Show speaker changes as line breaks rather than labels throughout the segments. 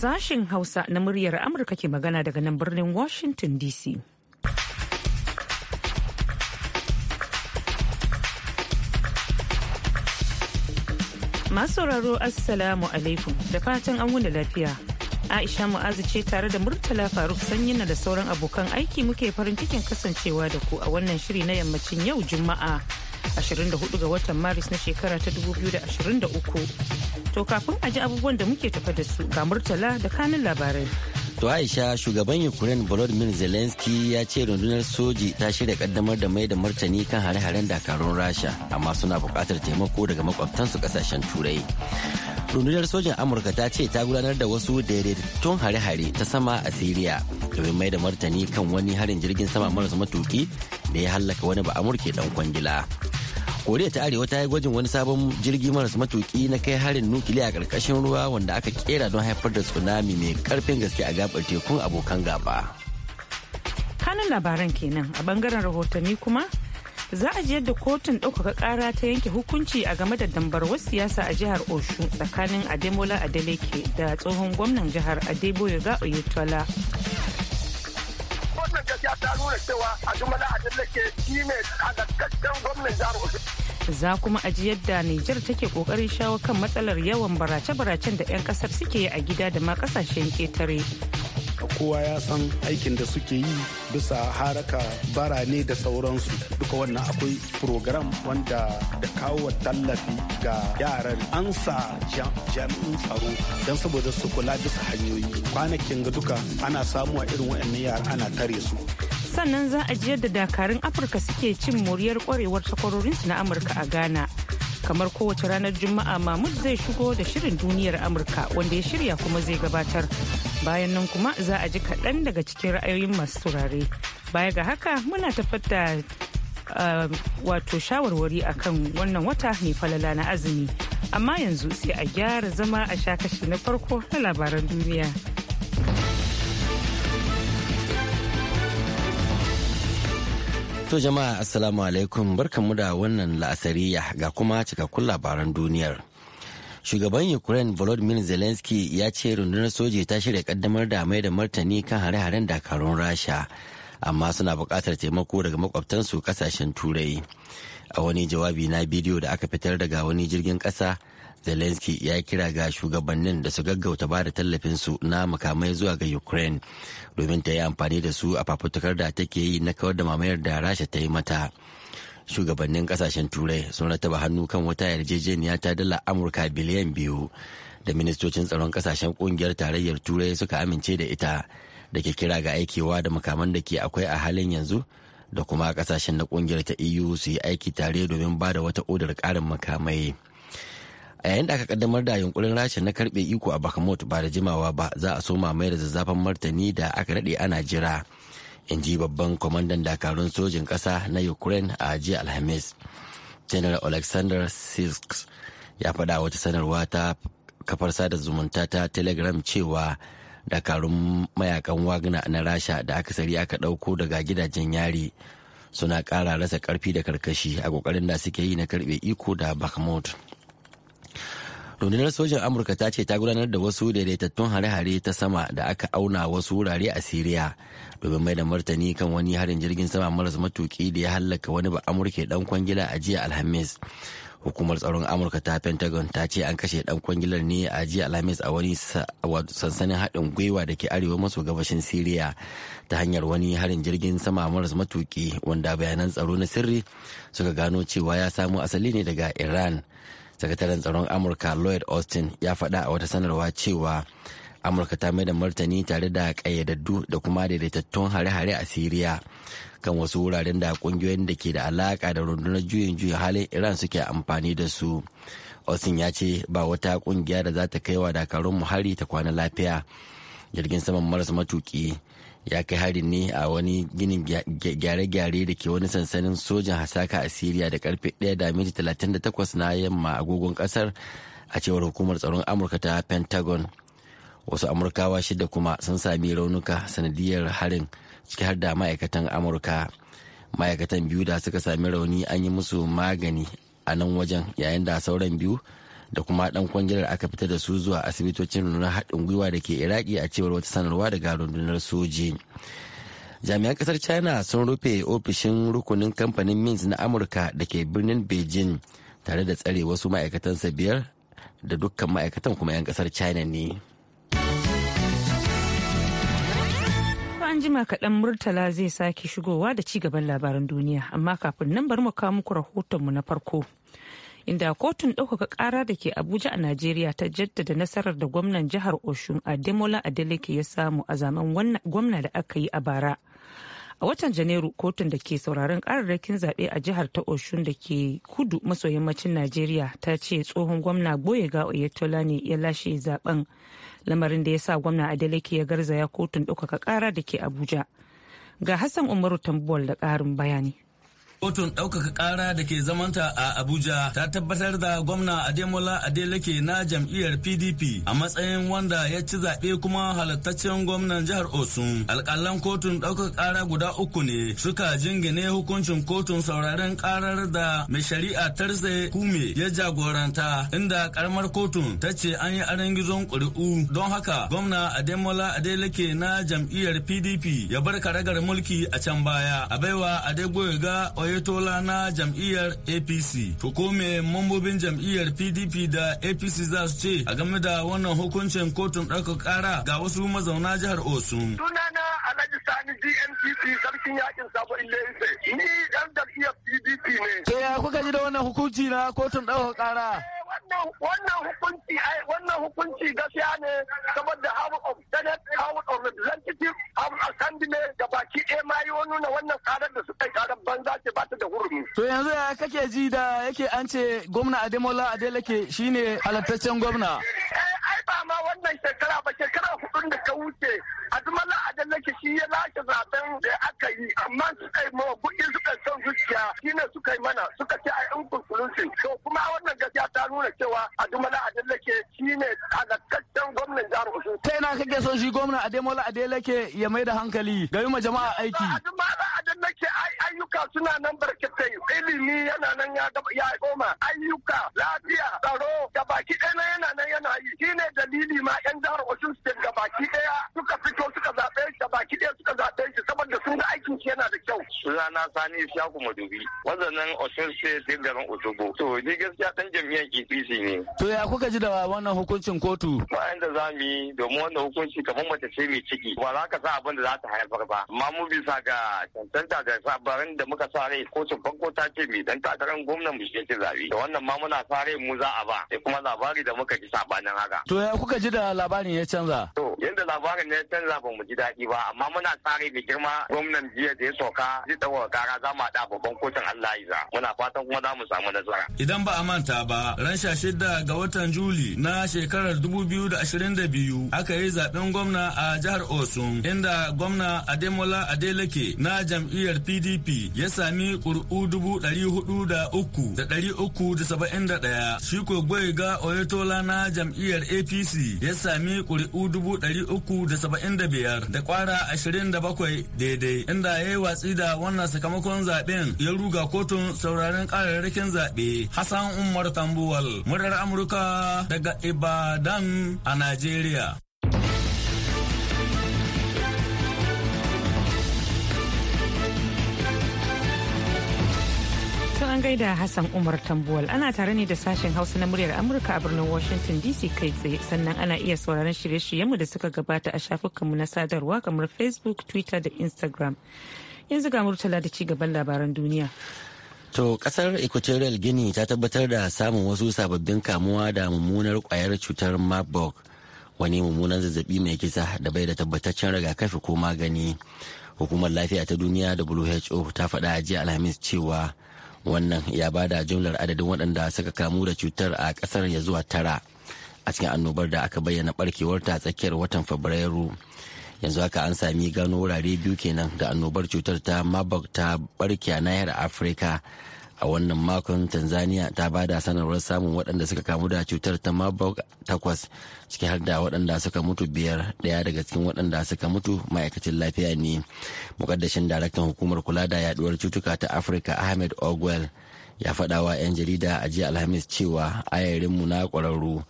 sashen Hausa na muryar Amurka ke magana daga nan birnin Washington DC. Masu sauraro Assalamu alaikum da fatan an wuni lafiya. Aisha Mu'azu ce tare da Murtala Faruk na da sauran abokan aiki muke farin cikin kasancewa da ku a wannan shiri na yammacin yau Juma'a. 24 ga watan maris na shekara ta 2023 to kafin a ji abubuwan da muke tafa da su ga murtala da kanin labarai
to aisha shugaban ukraine volodymyr zelensky ya ce rundunar soji ta shirya kaddamar da mai da martani kan hare-haren dakarun rasha amma suna buƙatar taimako daga makwabtansu kasashen turai rundunar sojin amurka ta ce ta gudanar da wasu daidaitattun hare-hare ta sama a syria domin mai da martani kan wani harin jirgin sama marasa matuki da ya hallaka wani ba amurke dan kwangila koriya ta arewa ta yi gwajin wani sabon jirgi marasa matuki na kai harin nukiliya a ƙarƙashin ruwa wanda aka kera don haifar da tsunami mai ƙarfin gaske a gabar tekun abokan gaba
kanan labaran kenan a bangaren rahotanni kuma za a ji yadda kotun ɗaukaka ƙara ta yanke hukunci a game da dambarwar siyasa a jihar oshu tsakanin ademola adeleke da tsohon gwamnan jihar adeboye ga oyetola
gaskiya ta nuna cewa a a tallake shi ne halakkacen gwamnan jihar
za kuma a ji yadda Nijar take kokarin shawo kan matsalar yawan barace-baracen da 'yan kasar suke yi a gida da ma kasashen ketare
kowa ya san aikin da suke yi bisa haraka barane da sauransu duka wannan akwai program wanda da kawo tallafi ga yaran ansa sa jami'in tsaro don saboda su kula bisa hanyoyi kwanakin ga duka ana samuwa irin waɗannan yara ana tare su
sannan za a jiyar da dakarun afirka suke cin moriyar kwarewar takwarorinsu na amurka a ghana kamar kowace ranar juma'a mahmud zai shigo da shirin duniyar amurka wanda ya shirya kuma zai gabatar bayan nan kuma za a ji kaɗan daga cikin ra'ayoyin masu turare baya ga haka muna tafata eh, wato shawarwari akan wannan wata mai falala na azumi amma yanzu sai a gyara zama a sha kashi na farko na labaran duniya
To jama'a assalamu alaikum barkanmu da wannan la'asariya ga kuma cikakkun labaran duniyar. Shugaban Ukraine Volodymyr Zelensky ya ce rundunar soji ta shirya kaddamar da mai da martani kan hare-haren dakarun Rasha, amma suna bukatar taimako daga makwabtansu kasashen Turai. A wani jawabi na bidiyo da aka fitar daga wani jirgin ƙasa, Zelensky ya kira ga shugabannin da su gaggauta ba da tallafinsu na makamai zuwa ga Ukraine domin ta yi amfani da su a fafutukar da take yi na kawar da mamayar da Rasha ta yi mata. shugabannin kasashen turai sun rataba hannu kan wata yarjejeniya ta dala amurka biliyan biyu da ministocin tsaron kasashen kungiyar tarayyar turai suka amince da ita da ke kira ga aikewa da makaman da ke akwai a halin yanzu da kuma kasashen na kungiyar ta eu su yi aiki tare domin ba da wata odar karin makamai a yayin da aka kaddamar da yunkurin rasha na karbe iko a bakamot ba da jimawa ba za a soma mai da zazzafan martani da aka daɗe ana jira in ji babban kwamandan dakarun sojin ƙasa na ukraine a jiya alhamis general alexander sisk ya faɗa wata sanarwa ta kafar sada zumunta ta telegram cewa dakarun mayakan wagner na rasha da aka sari aka ɗauko daga gidajen yari suna ƙara rasa ƙarfi da karkashi a ƙoƙarin da suke yi na karɓe iko da bakhmut rundunar sojin amurka ta ce ta gudanar da wasu daidaitattun hare-hare ta sama da aka auna wasu wurare a siriya domin mai da martani kan wani harin jirgin sama maras matuki da ya hallaka wani ba amurke dan kwangila a jiya alhamis hukumar tsaron amurka ta pentagon ta ce an kashe dan kwangilar ne a jiya alhamis a wani sansanin haɗin gwiwa da ke arewa maso gabashin siriya ta hanyar wani harin jirgin sama maras matuki wanda bayanan tsaro na sirri suka gano cewa ya samu asali ne daga iran sakataren tsaron amurka lloyd austin ya faɗa a wata sanarwa cewa amurka ta mai da martani tare da ƙayyadaddu da kuma daidaitattun hare-hare a siriya kan wasu wuraren da ƙungiyoyin da ke da alaƙa da rundunar juyin juya halin iran suke amfani da su austin ya ce ba wata ƙungiya da za ta kai wa dakarun mu hari ta kwana lafiya jirgin saman maras matuki ya kai harin ne a wani ginin gyare-gyare da ke wani sansanin sojan hasaka a siriya da karfe 1 da minti 38 na yamma agogon kasar a cewar hukumar tsaron amurka ta pentagon wasu amurkawa shida kuma sun sami raunuka sanadiyar harin ciki har da ma'aikatan amurka ma'aikatan biyu da suka sami rauni an yi musu magani a nan wajen yayin da sauran biyu da kuma dan kwangilar aka fitar da su zuwa asibitocin nuna haɗin gwiwa da ke iraki a cewar wata sanarwa daga rundunar soji jami'an kasar china sun rufe ofishin rukunin kamfanin mins na amurka da ke birnin beijing tare da tsare wasu ma'aikatansa biyar da dukkan ma'aikatan kuma 'yan kasar china ne
an jima kaɗan murtala zai sake shigowa da ci gaban labaran duniya amma kafin nan bari mu kawo muku rahotonmu na farko inda kotun ɗaukaka ƙara da ke abuja a najeriya ta jaddada nasarar da gwamnan jihar oshun ademola adeleke ya samu a zaman gwamna da aka yi a bara a watan janairu kotun da ke sauraron kararrakin zaɓe a jihar ta oshun da ke kudu maso yammacin najeriya ta ce tsohon gwamna ga oyetola ne ya lashe zaben lamarin da ya sa gwamna adeleke ya garzaya kotun ɗaukaka ƙara da ke abuja ga hassan umaru tambuwal da ƙarin bayani
Kotun ɗaukaka ƙara da ke zamanta a Abuja ta tabbatar da gwamna Ademola Adeleke na jam'iyyar PDP a matsayin wanda ya ci zaɓe kuma halattaccen gwamnan jihar Osun. Alƙalan kotun ɗaukaka ƙara guda uku ne suka jingine hukuncin kotun sauraren ƙarar da mai shari'a Tarse Kume ya jagoranta inda ƙaramar kotun ta ce an yi aron gizon ƙuri'u don haka gwamna Ademola Adeleke na jam'iyyar PDP ya bar karagar mulki a can baya. A baiwa Adegoyega tola na jam'iyyar apc to mambobin jam'iyyar pdp da apc za su ce a game da wannan hukuncin kotun ɗaukar ƙara ga wasu mazauna jihar osun
sunana alhaji sani dmpp sarkin yakin sabo ilese ni dan jam'iyyar pdp ne ke ya kuka
ji da wannan hukunci na kotun ɗaukar ƙara
eh, wannan hukunci wannan hukunci gaskiya ne saboda hawa of Senate House of Representatives have House Assembly da baki ɗaya ma yi nuna wannan karar da suka yi karar banza ce ba ta da hurumi.
To yanzu ya kake ji da yake an ce gwamna Ademola Adeleke shine halattaccen gwamna. Eh, ai ba ma wannan shekara ba shekara hudun da ta wuce adumala adalake shi ya lashe zaben da aka yi amma suka yi mawa kuɗi suka son zuciya shine suka yi mana suka ce ai in conclusion to kuma wannan gaskiya ta nuna cewa adumala adalake shine halattaccen gwamnan jihar Osun. Ta ina kake so so shi gwamna Ademola Adeleke ya mai da hankali ga ma jama'a aiki.
Ademola Adeleke ayyuka suna nan barkatai ilimi yana nan ya goma ayyuka lafiya tsaro da baki ɗaya yana nan yana yi shine dalili ma yan jihar Osun State ga baki ɗaya suka fito suka zaɓe shi da baki ɗaya suka zaɓe shi saboda sun ga aikin shi yana da
kyau sunana sani shaku madubi wazanin osun state garin osogbo to ni gaskiya dan jam'iyyar apc ne to ya kuka ji da wannan hukuncin kotu bayan da za mu yi domin wannan hukunci kamar mace ce mai ciki ba za ka sa abin da za ta haifar ba amma mu bisa ga cancanta da sabarin da muka sa rai kotun farko ta ce mai dan takarar gwamnan mu shi zabe da wannan ma muna sa rai mu za a ba da kuma labari da muka ji sabanin haka to ya kuka ji da labarin ya canza to yanda labarin ya canza ba mu ji daɗi ba amma muna sa rai mai girma gwamnan jiya da ya sauka ɗaukaka zai kara za mu haɗa babban kotun Allah ya muna fatan kuma za mu samu nasara. Idan ba a manta ba ran sha shida ga watan Juli na shekarar dubu biyu da ashirin da biyu aka yi zaben gwamna a jihar Osun inda gwamna Ademola Adeleke na jam'iyyar PDP ya sami ƙuri'u dubu ɗari hudu da uku da ɗari uku da saba'in da ɗaya. Shi ko ga Oyetola na jam'iyyar APC ya sami ƙuri'u dubu ɗari uku da saba'in da biyar da ƙwara ashirin da bakwai daidai inda ya yi watsi hatsi da wannan sakamakon zaɓen ya ruga kotun sauraron kararrakin zaɓe Hassan Umar Tambuwal murar Amurka daga Ibadan a Najeriya.
an gaida Hassan Umar Tambuwal ana tare ne da sashen Hausa na muryar Amurka a birnin Washington DC kai tsaye sannan ana iya sauraron shirye-shiryenmu da suka gabata a shafukanmu na sadarwa kamar Facebook, Twitter da Instagram. yanzu ga murtala da ci gaban labaran duniya
To kasar Equatorial Guinea ta tabbatar da samun wasu sababbin kamuwa da mummunar kwayar cutar Marburg wani mummunan zazzabi mai kisa da bai da tabbataccen rigakafi ko magani. Hukumar lafiya ta duniya WHO ta faɗa jiya Alhamis cewa wannan ya ba da jumlar adadin waɗanda suka kamu da cutar a ƙasar ya zuwa tara a cikin annobar da aka bayyana barkewarta a tsakiyar watan Fabrairu. yanzu haka an sami gano wurare biyu kenan da annobar cutar ta marburg ta barkiya a nahiyar afirka a wannan makon tanzania ta ba da sanarwar samun waɗanda suka kamu da cutar ta marburg takwas ciki har da waɗanda suka mutu biyar ɗaya daga cikin waɗanda suka mutu ma'aikacin lafiya ne mukaddashin daraktan hukumar kula da yaduwar cutuka ta afirka ahmed ogwell ya faɗa wa 'yan jarida a jiya alhamis cewa ayarinmu na ƙwararru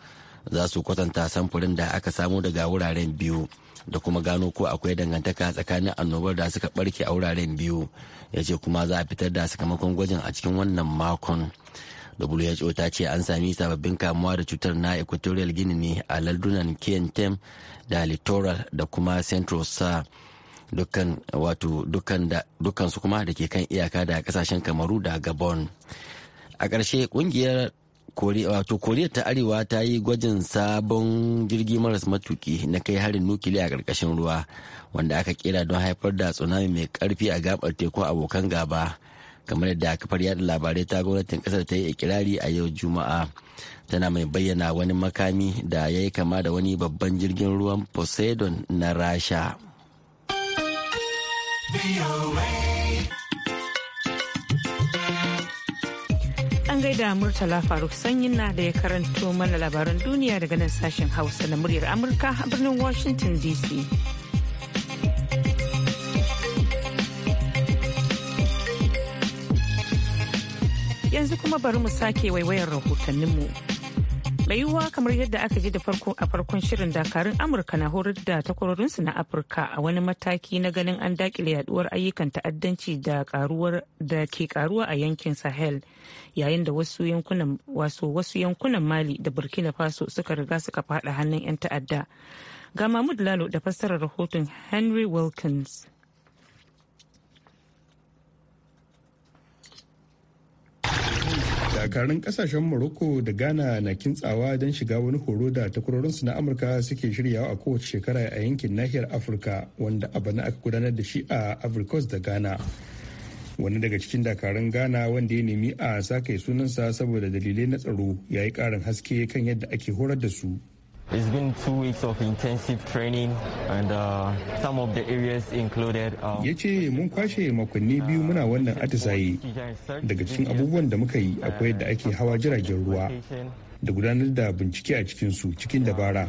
za su kwatanta samfurin da aka samu daga wuraren biyu da kuma gano ko akwai dangantaka tsakanin annobar da suka barke a wuraren biyu ya ce kuma za a fitar da sakamakon gwajin a cikin wannan makon who ta ce an sami sababbin kamuwa da cutar na equatorial gini ne a lardunan kentem da littoral da kuma central sa dukkan dukkan su kuma da ke kan iyaka da kasashen kamaru da gabon a ƙarshe ƙungiyar wato koriya ta arewa ta yi gwajin sabon jirgi maras matuki na kai harin nukiliya a ƙarƙashin ruwa wanda aka kera don haifar da tsunami mai ƙarfi a gabar teku abokan gaba kamar yadda kafar yada labarai ta gwamnatin ƙasar ta yi ikirari a yau juma'a tana mai bayyana wani makami da ya yi kama da wani babban jirgin ruwan poseidon na rasha
an gaida Murtala Faruk Sanyin na da ya karanto mana labaran duniya daga nan sashen Hausa na muryar Amurka a birnin Washington DC. Yanzu kuma bari mu sake waiwayar rahotanninmu. mai yiwuwa kamar yadda aka ji da farko a farkon shirin dakarun amurka na horar da takwarorinsu na afirka a wani mataki na ganin an dakile yaduwar ayyukan ta'addanci da da ke karuwa a yankin sahel yayin da wasu yankunan wasu wasu yankunan mali da burkina faso suka riga suka fada hannun 'yan ta'adda ga mahmud lalo da fassarar rahoton henry wilkins
dakarun kasashen morocco da ghana na kintsawa don shiga wani horo da takwarorinsu na amurka suke shiryawa a kowace shekara a yankin nahiyar afirka wanda a bana aka gudanar da shi a africos da ghana wani daga cikin dakarun ghana wanda ya nemi a sakai sunansa saboda dalilai na tsaro ya yi karin haske kan yadda ake horar da su
It's been two weeks of intensive
training and uh, some of the areas included. Uh,
ya ce mun kwashe makonni biyu muna wannan atisaye daga cikin abubuwan da muka yi akwai yadda ake hawa jiragen ruwa da gudanar da bincike a cikinsu cikin dabara.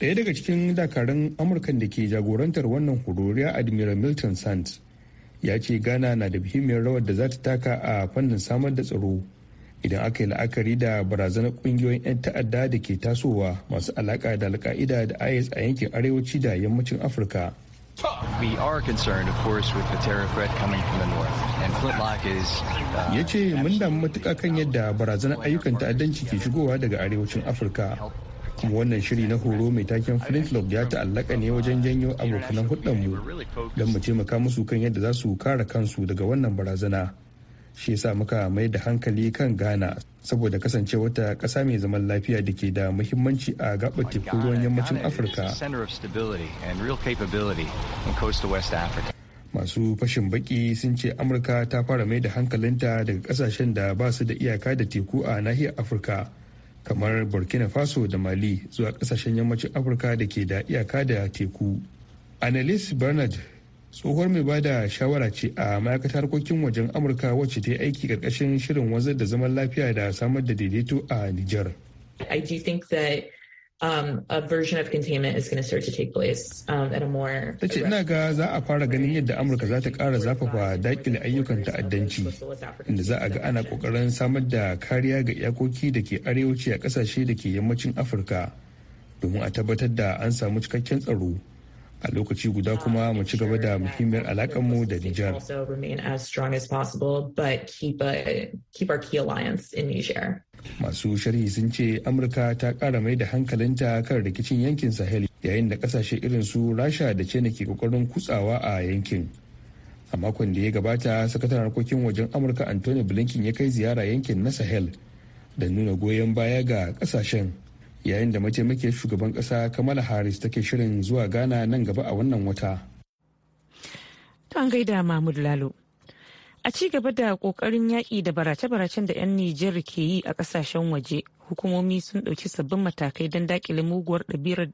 Daya daga cikin dakarun Amurkan da ke jagorantar wannan hororiya Admiral Milton Sands ya ce Ghana na da muhimmiyar rawar da za ta taka a fannin samar da tsaro. idan aka yi la'akari da barazanar kungiyoyin 'yan ta'adda da ke tasowa masu alaka da alka'ida da is a yankin arewaci da yammacin afirka
uh, ya
ce mun damu matuka kan yadda barazanar ayyukan ta'addanci ke shigowa daga arewacin afirka kuma wannan shiri na horo mai taken flintlock ya ta'allaka ne wajen janyo abokanan mu don mu taimaka musu kan yadda za su kare kansu daga wannan barazana. shi yasa muka mai da hankali kan ghana saboda kasance wata ƙasa mai zaman lafiya da ke da muhimmanci a gaɓar teku ruwan yammacin afirka masu fashin baki sun ce amurka ta fara mai da hankalinta daga kasashen da ba su da iyaka da teku a nahiyar afirka kamar burkina faso da mali zuwa kasashen yammacin afirka da ke da iyaka da teku annalise bernard tsohuwar mai bada shawara ce a ma'aikatar harkokin wajen amurka wacce ta yi aiki karkashin shirin wanzar da zaman lafiya da samar da daidaito a nijar
I do um, of containment is going to start to um, ina
ga za a fara ganin yadda Amurka za ta ƙara zafafa dakile ayyukan ta'addanci inda za a ga ana kokarin samar da kariya ga iyakoki da ke arewaci a kasashe da ke yammacin Afirka domin a tabbatar da an samu cikakken tsaro. a lokaci guda kuma mu ci gaba da muhimmiyar alakanmu da niger. Masu sharhi sun ce Amurka ta ƙara mai da hankalinta kan rikicin yankin Sahel yayin da ƙasashe irin su Rasha da China ke ƙoƙarin kutsawa a yankin. A makon da ya gabata, sakataren harkokin wajen Amurka Anthony Blinken ya kai ziyara yankin na Sahel da nuna goyon baya ga ƙasashen. yayin da mataimakiyar shugaban kasa kamala harris take shirin zuwa ghana nan gaba a wannan wata.
To an gaida Mahmud Lalo. A ci gaba da kokarin yaƙi da barace-baracen da 'yan Nijar ke yi a ƙasashen waje, hukumomi sun ɗauki sabbin matakai don daƙile muguwar ɗabi'ar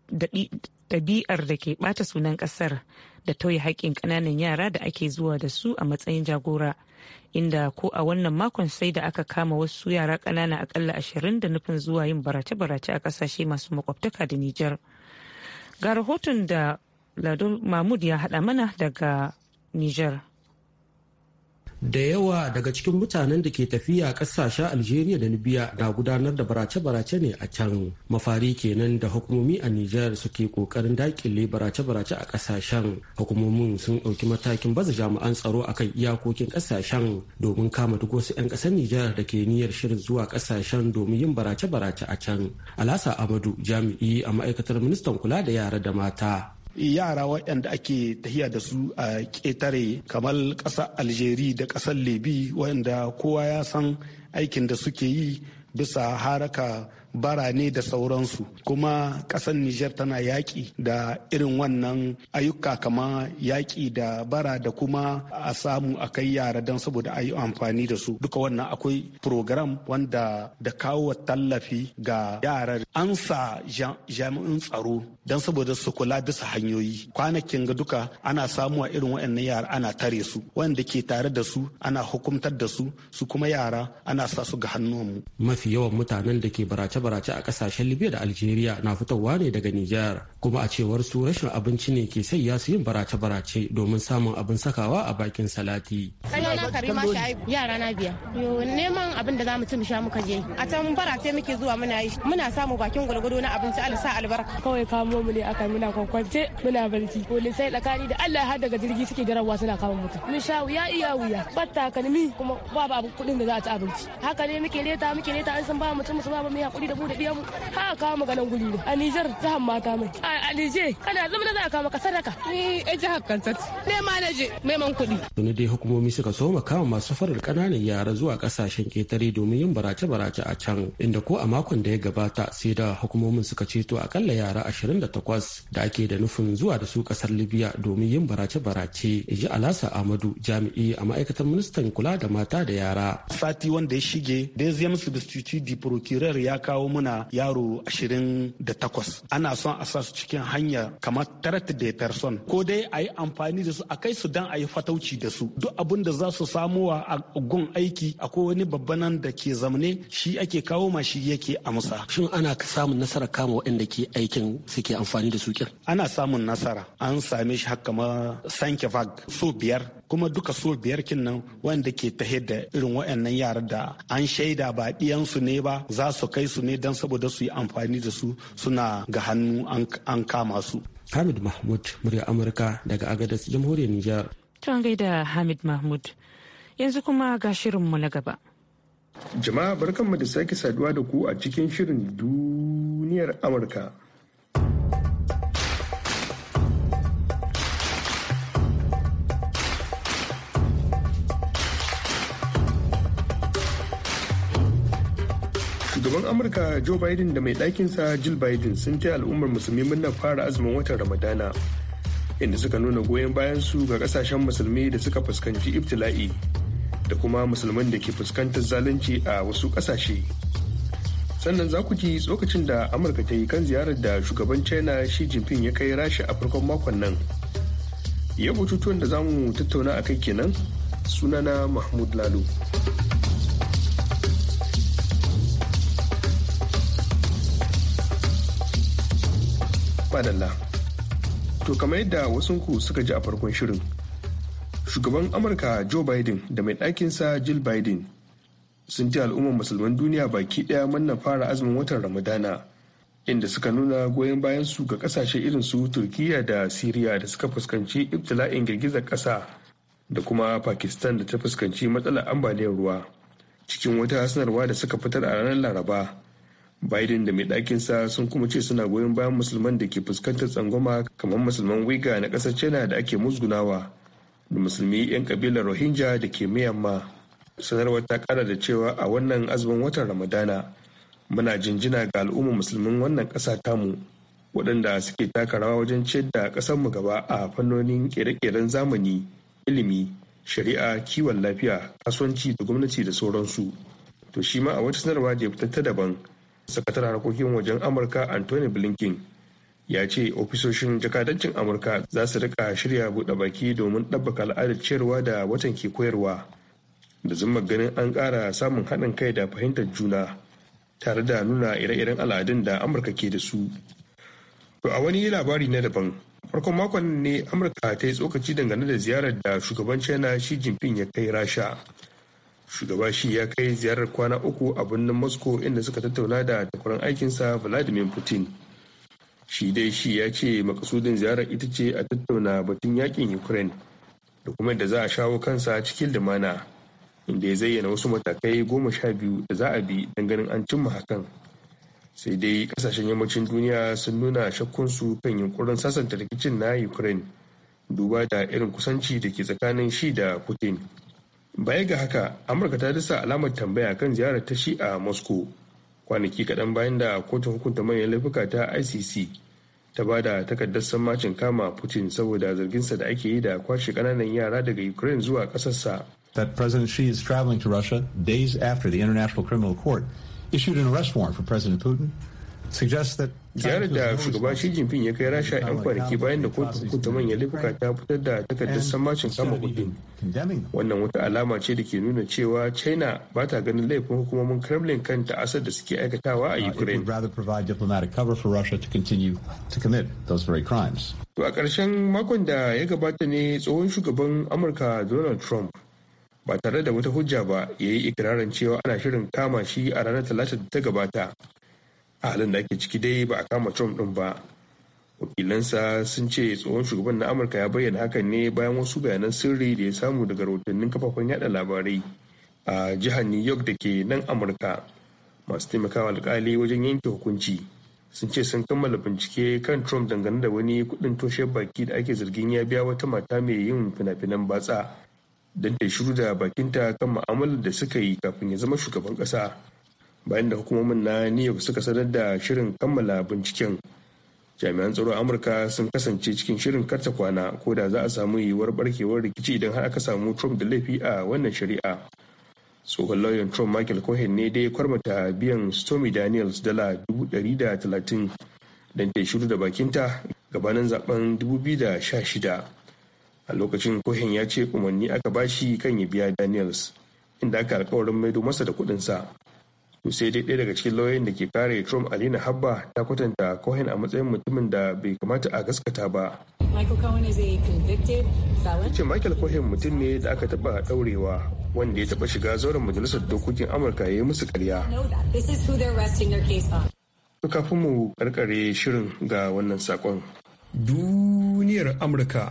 da ke ɓata sunan ƙasar da tauye haƙƙin ƙananan yara da ake zuwa da su a matsayin jagora. Inda ko a wannan makon sai da aka kama wasu yara ƙanana akalla ashirin da nufin zuwa yin barace-barace a ƙasashe masu makwabtaka da Nijar. Ga rahoton da lado Mahmud ya haɗa mana daga Nijar.
da yawa daga cikin mutanen da ke tafiya ƙasashen algeria da libya na gudanar da barace-barace ne a can mafari kenan da hukumomi a niger suke ƙoƙarin dakile barace-barace a ƙasashen hukumomin sun ɗauki matakin baza jami'an tsaro a kan iyakokin ƙasashen domin kama duk wasu 'yan ƙasar niger da ke niyyar shirin zuwa ƙasashen domin yin barace-barace a can alasa amadu jami'i a ma'aikatar ministan kula da yara da mata
yara waɗanda ake tahiya da su a ƙetare kamar ƙasar aljeri da ƙasar lebi waɗanda kowa ya san aikin da suke yi bisa haraka barane da sauransu kuma ƙasar Nijar tana yaƙi da irin wannan ayyuka kama yaƙi da bara da kuma a samu a kai yara don saboda a yi amfani da su duka wannan akwai program wanda da kawo tallafi ga yara an sa jami'in tsaro don saboda su kula bisa hanyoyi kwanakin ga duka ana samuwa irin waɗannan yara ana tare su wanda ke tare da su ana hukumtar da su su kuma yara ana sa su ga mu.
mafi yawan mutanen da ke barace barace a kasashen libya da algeria na fitowa ne daga nijar kuma a cewar su rashin abinci ne ke sanya su yin barace-barace domin samun abin sakawa a bakin salati
kanana karima shaibu yara na biya yo neman abin da zamu ci mu sha muka je a can barace muke zuwa muna yi muna samu bakin gwalgwado na abinci alisa
albarka kawai kamo mu ne aka muna kwakwance muna barci polisai tsakani da Allah har daga jirgi suke garawa suna kama mutum mun sha wuya iya wuya batta kalmi kuma babu ba kudin da za a ci abinci haka ne muke leta muke leta an san ba mutum su ba mu hakuri da bude mu ha kawo maganan guri ne a Nijar jihar mata mai a Alije kana zama za a kawo maka sadaka ni a eh, jihar kantat ne ma na je neman kuɗi.
Tuni dai hukumomi suka so soma kama masu farar ƙananan yara zuwa ƙasashen ketare domin yin barace-barace a can inda ko a makon da ya gabata sai da hukumomin suka ceto akalla yara 28 da ake da nufin zuwa da su kasar libiya domin yin barace-barace. ji Alasa Amadu jami'i a ma'aikatar ministan kula da mata da yara.
Sati wanda ya shige, da Dezem Substitute di Procureur ya kawo kawo muna yaro ashirin da takwas ana son a sa su cikin hanya kamar tarat da person ko dai a yi amfani da su a kai su dan a yi fatauci da su duk abin da za su samuwa a gun aiki akwai wani babbanan da ke zamne shi ake kawo ma shi yake amsa shin ana samun nasara kama waɗanda ke aikin suke amfani da su ana samun nasara an same shi haka ma sanke fag so biyar kuma duka so biyar kin nan wanda ke tahe da irin waɗannan yara da an shaida ba ɗiyansu ne ba za su kai su ne don saboda su yi amfani da su suna ga hannu an kama su.
Hamid Mahmud, murya Amurka daga Agadas, Jamhuriyar Nijar.
Tun gaida Hamid Mahmud, yanzu kuma ga shirin mu na gaba.
Jama'a barkanmu da sake saduwa da ku a cikin shirin duniyar Amurka. shugaban amurka joe biden da mai ɗakinsa jill biden sun taya al'ummar musulmi murnar fara azumin watan ramadana inda suka nuna goyon bayan su ga kasashen musulmi da suka fuskanci ibtila'i da kuma musulman da ke fuskantar zalunci a wasu kasashe sannan za ku ji tsokacin da amurka ta yi kan ziyarar da shugaban china shi jinping ya kai rashi a farkon makon nan yau batutuwan da za mu tattauna a kai kenan sunana mahmud lalu fadalla To kamar yadda wasunku suka ji a farkon shirin. Shugaban Amurka Joe Biden da mai ɗakinsa Jill Biden sun ji al'ummar musulman duniya baki ɗaya manna fara azumin watan Ramadana inda suka nuna goyon bayan su ga kasashe irin su Turkiyya da syria da suka fuskanci ibtila'in girgizar ƙasa da kuma Pakistan da ta fuskanci matsalar ambaliyar ruwa. Cikin wata sanarwa da suka fitar a ranar Laraba, biden da mai ɗakin sa sun kuma ce suna goyon bayan musulman da ke fuskantar tsangwama kamar musulman wiga na ƙasar china da ake musgunawa da musulmi 'yan kabilar rohingya da ke miyamma sanarwar ta kara da cewa a wannan azumin watan ramadana muna jinjina ga al'ummar musulmin wannan ƙasa tamu waɗanda suke taka rawa wajen ciyar da ƙasarmu gaba a fannonin ƙere-ƙeren zamani ilimi shari'a kiwon lafiya kasuwanci da gwamnati da sauransu to shi ma a wata sanarwa da ya fitar ta daban sakatar harkokin wajen amurka anthony blinken ya ce ofisoshin jakadancin amurka za su rika shirya buɗe baki domin ɗabbaka al'adar ciyarwa da watan ke koyarwa da zuma ganin an ƙara samun haɗin kai da fahimtar juna tare da nuna ire-iren al'adun da amurka ke da su to a wani labari na daban farkon makon ne amurka ta yi tsokaci dangane da ziyarar da shugaban china shi jinping ya kai rasha shugaba shi ya kai ziyarar kwana uku a birnin moscow inda suka tattauna da takwarar aikinsa vladimir putin shi dai shi ya ce makasudin ziyarar ita ce a tattauna batun yakin ukraine da kuma yadda za a shawo kansa cikin lumana inda ya zayyana wasu matakai goma sha biyu da za a bi don ganin an cimma hakan sai dai kasashen yammacin duniya sun nuna shakkunsu kan yunkurin sasanta rikicin na ukraine duba da irin kusanci da ke tsakanin shi da putin baya ga haka amurka ta alamar tambaya kan ziyarar ta shi a moscow kwanaki kaɗan bayan da kotun hukunta manyan laifuka ta icc ta ba da takardar sammacin kama putin saboda zarginsa da ake yi da kwashe ƙananan yara daga ukraine zuwa ƙasarsa
that president xi is traveling to russia days after the international
criminal court issued an arrest warrant for president putin ziyarar da shugaba shi ya kai rasha 'yan kwanaki bayan da kotun hukunta manyan laifuka ta fitar da takardar sammacin kama kudin wannan wata alama ce da ke nuna cewa china ba ta ganin laifin hukumomin kremlin kan ta'asar da suke aikatawa a uh, ukraine to a ƙarshen makon da ya gabata ne tsohon shugaban amurka donald trump ba tare da wata hujja ba ya yi ikirarin cewa ana shirin kama shi a ranar talata da ta gabata a halin da ake ciki dai ba a kama trump din ba wakilansa sun ce tsohon shugaban na amurka ya bayyana hakan ne bayan wasu bayanan sirri da ya samu daga rahotannin kafafen yada labarai a jihar new york da ke nan amurka masu taimakawa alkali wajen yanke hukunci sun ce sun kammala bincike kan trump dangane da wani kudin toshe baki da ake zargin ya biya wata mata mai yin fina-finan batsa don ta shiru da bakinta kan ma'amalar da suka yi kafin ya zama shugaban kasa bayan da hukumomin na new york suka sanar da shirin kammala binciken jami'an tsaro amurka sun kasance cikin shirin karta kwana ko da za a samu yiwuwar barkewar rikici idan har aka samu trump da laifi a wannan shari'a tsohon lauyan trump michael cohen ne dai kwarmata biyan stormy daniels dala 130 don ta shiru da bakinta gabanin zaben 2016 a lokacin cohen ya ce umarni aka bashi kan ya biya daniels inda aka alkawarin maido masa da kudinsa sai dai ɗaya daga cikin lauyoyin da ke kare Trump Alina Habba ta kwatanta Cohen a matsayin mutumin da bai kamata a gaskata ba. Ce Michael Cohen mutum ne da aka taɓa ɗaurewa wanda ya taɓa shiga zauren majalisar dokokin Amurka ya yi musu karya. kafin mu karkare shirin ga wannan sakon. Duniyar Amurka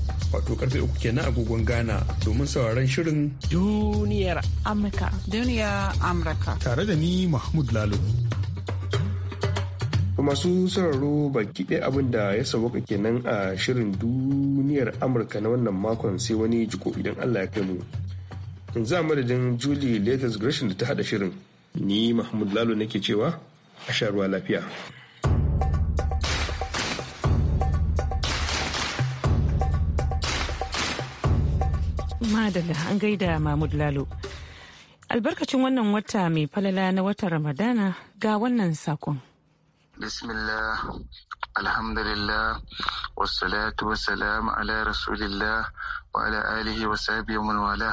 wato karfe uku kenan agogon Ghana domin sauraron shirin
duniyar
Amurka. Duniyar Amurka.
Tare da ni Mahmud Lalo.
masu sauraro baki ɗaya abin da ya sauka kenan a shirin duniyar amurka na wannan makon sai wani jiko idan allah ya kai mu in za madadin julie latest gresham da ta hada shirin ni mahmud lalo nake cewa a sha ruwa lafiya
madalla an gaida mahmud lalo albarkacin wannan wata mai falala na watan ramadana ga wannan sakon
bismillah alhamdulillah wassalatu wassalamu ala rasulillah wa ala alihi wa sahbihi wa wala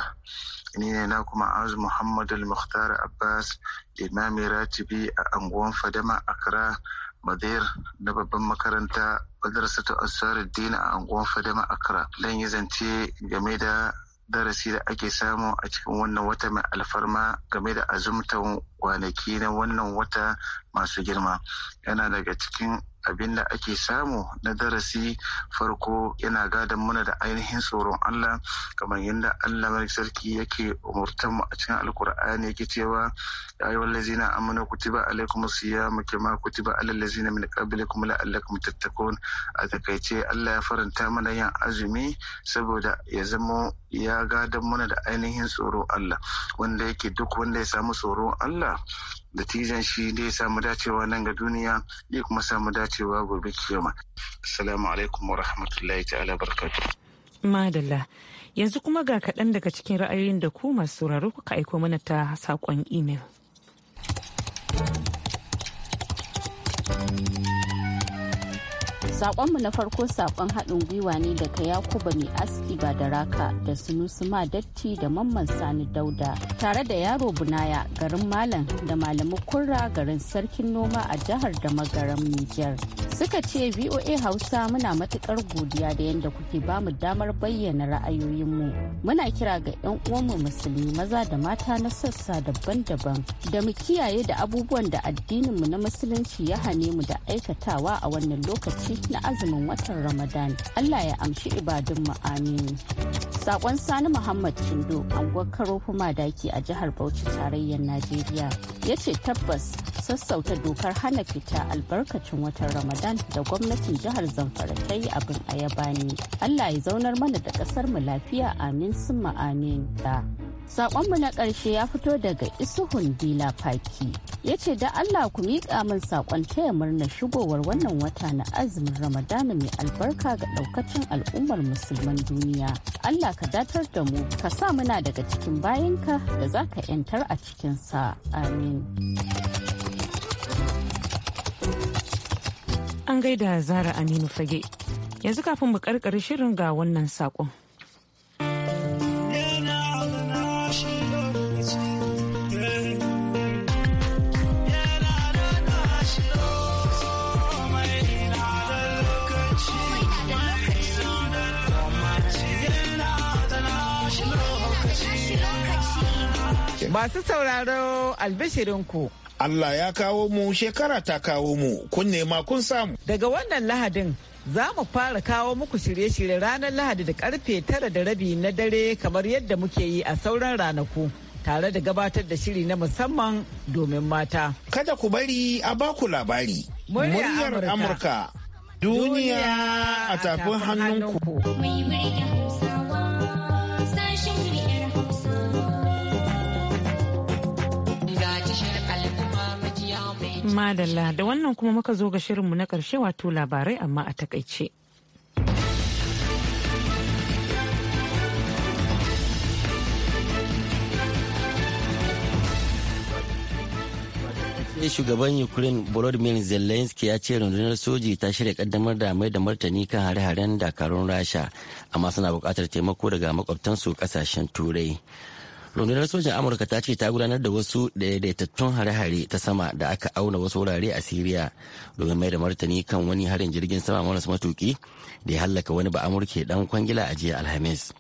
ni ne na kuma azu muhammadu al-mukhtar abbas imami ratibi a anguwan fadama akra madir na babban makaranta madrasatu asarar dina a anguwan fadama akra don yi zance game da darasi da ake samu a cikin wannan wata mai alfarma game da azumtan kwanaki na wannan wata masu girma yana daga cikin abin da ake samu na darasi farko yana gadon mana da ainihin tsoron Allah kamar yadda Allah mai sarki yake umurtan mu a cikin alkur'ani yake cewa ya ayyuhal ladzina amanu kutiba alaikum siyamu kama kutiba alal ladzina min qablikum la'allakum tattaqun a takaice Allah ya faranta mana yin azumi saboda ya zamo ya gadon mana da ainihin tsoron Allah wanda yake duk wanda ya samu tsoron Allah da tijan shi da ya samu dacewa nan ga duniya ya kuma samu dacewa gobe kiyama assalamu alaikum wa rahmatullahi ta'ala barkatu
madalla yanzu kuma ga kaɗan daga cikin ra'ayoyin da ku masu sauraro kuka aiko mana ta saƙon imel
Sakonmu na farko sakon haɗin gwiwa ne daga Yakuba mai aski ba da raka da Sunusu datti da Mamman Sani Dauda tare da yaro Bunaya garin Malam da Malamu Kurra garin Sarkin Noma a jihar da magaran Nijar. suka ce VOA Hausa muna matukar godiya da yadda kuke bamu damar bayyana ra'ayoyinmu. Muna kira ga 'yan uwanmu musulmi maza da mata na sassa daban-daban da mu kiyaye da abubuwan da addininmu na musulunci ya hane mu da aikatawa a wannan lokaci na azumin watan Ramadan. Allah ya amshi ibadun mu amin. Sakon Sani Muhammad Chindo, anguwar Karofuma Daki a jihar Bauchi tarayyar Najeriya, ya ce tabbas sassauta dokar hana fita albarkacin watan Ramadan ramadan da gwamnatin jihar zamfara ta yi abin ayaba ne allah ya zaunar mana da kasar mu lafiya amin summa amin da Sakonmu na ƙarshe ya fito daga Isuhun Dila Faki. Ya ce da Allah ku miƙa min saƙon taya murna shigowar wannan wata na azumin Ramadana mai albarka ga ɗaukacin al'ummar musulman duniya. Allah ka datar da mu, ka sa muna daga cikin bayanka da za ka 'yantar a cikinsa. Amin.
an gaida zara aminu fage yanzu kafin mu karkare shirin ga wannan sakon
Masu
sauraro albishirinku Allah ya kawo mu shekara ta kawo mu kun nema kun samu. Daga wannan lahadin za mu fara kawo muku shirye-shirye ranar lahadi da karfe tara da rabi na dare kamar yadda muke yi a sauran ranaku. tare da gabatar da shiri na musamman domin mata. Kada ku bari a baku labari. Muryar Amurka.
Duniya a tafin hannunku.
Mai
Madalla da wannan kuma muka zo ga shirinmu na ƙarshe wato labarai amma a takaice.
shugaban ukraine volodymyr zelensky ya ce rundunar soji ta shirya kaddamar da mai da martani kan hare-haren dakarun rasha amma suna bukatar taimako daga makwabtansu kasashen turai rundunar sojin amurka ta ce ta gudanar da wasu daidaitattun hare-hare ta sama da aka auna wasu wurare a siriya domin mai da martani kan wani harin jirgin sama maras matuki da ya hallaka wani ba amurke dan kwangila a jiya alhamis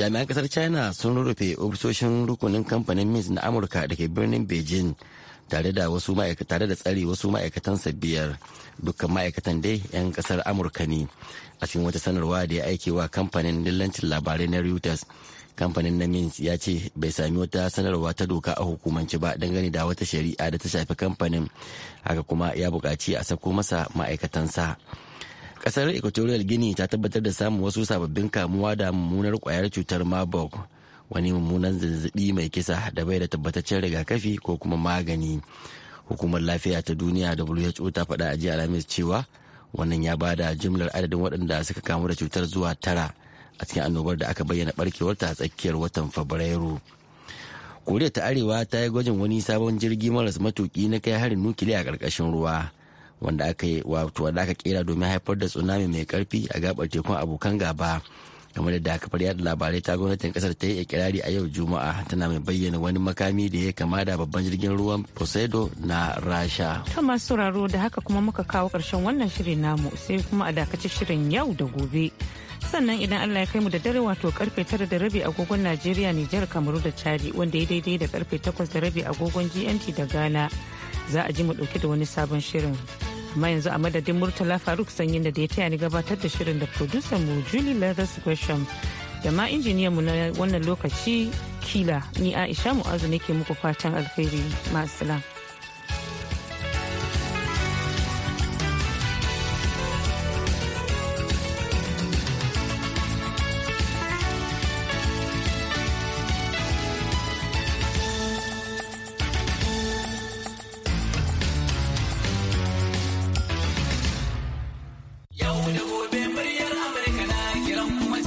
jami'an kasar china sun rurrufe ofisoshin rukunin kamfanin mins na amurka da ke birnin beijing tare da wasu tare da tsare wasu sa biyar dukkan ma'aikatan dai 'yan kasar amurka ne a cikin wata sanarwa da ya aike wa kamfanin dillancin labarai na reuters kamfanin na mins ya ce bai sami wata sanarwa ta doka a hukumance ba dangane da wata shari'a da ta shafi kamfanin haka kuma ya buƙaci a sako masa ma'aikatansa kasar equatorial guinea ta tabbatar da samun wasu sababbin kamuwa da mummunar kwayar cutar marburg wani mummunan zazzabi mai kisa da bai da tabbataccen rigakafi ko kuma magani hukumar lafiya ta duniya da who ta faɗa a jiya alhamis cewa wannan ya bada jimlar adadin waɗanda suka kamu da cutar zuwa tara a cikin annobar da aka bayyana barkewarta ta tsakiyar watan fabrairu koriya ta arewa ta yi gwajin wani sabon jirgi maras matuki na kai harin nukiliya a ƙarƙashin ruwa wanda aka yi kera domin haifar da tsunami mai karfi a gabar tekun abokan gaba game da kafar yada labarai ta gwamnatin kasar ta yi ikirari a yau juma'a tana mai bayyana wani makami da ya kama da babban jirgin ruwan poseidon na rasha
kama sauraro da haka kuma muka kawo karshen wannan shirin namu sai kuma a dakaci shirin yau da gobe sannan idan allah ya kai mu da dare wato karfe tara da rabi agogon najeriya nijar kamaru da chadi wanda ya daidai da karfe takwas da rabi agogon gmt da ghana za a ji mu dauke da wani sabon shirin amma yanzu a madadin murtala faruk sanyin da ya taya ni gabatar da shirin da producer mu julie lathers gresham da ma injiniyan mu na wannan lokaci kila ni aisha mu'azu ke muku fatan alheri masu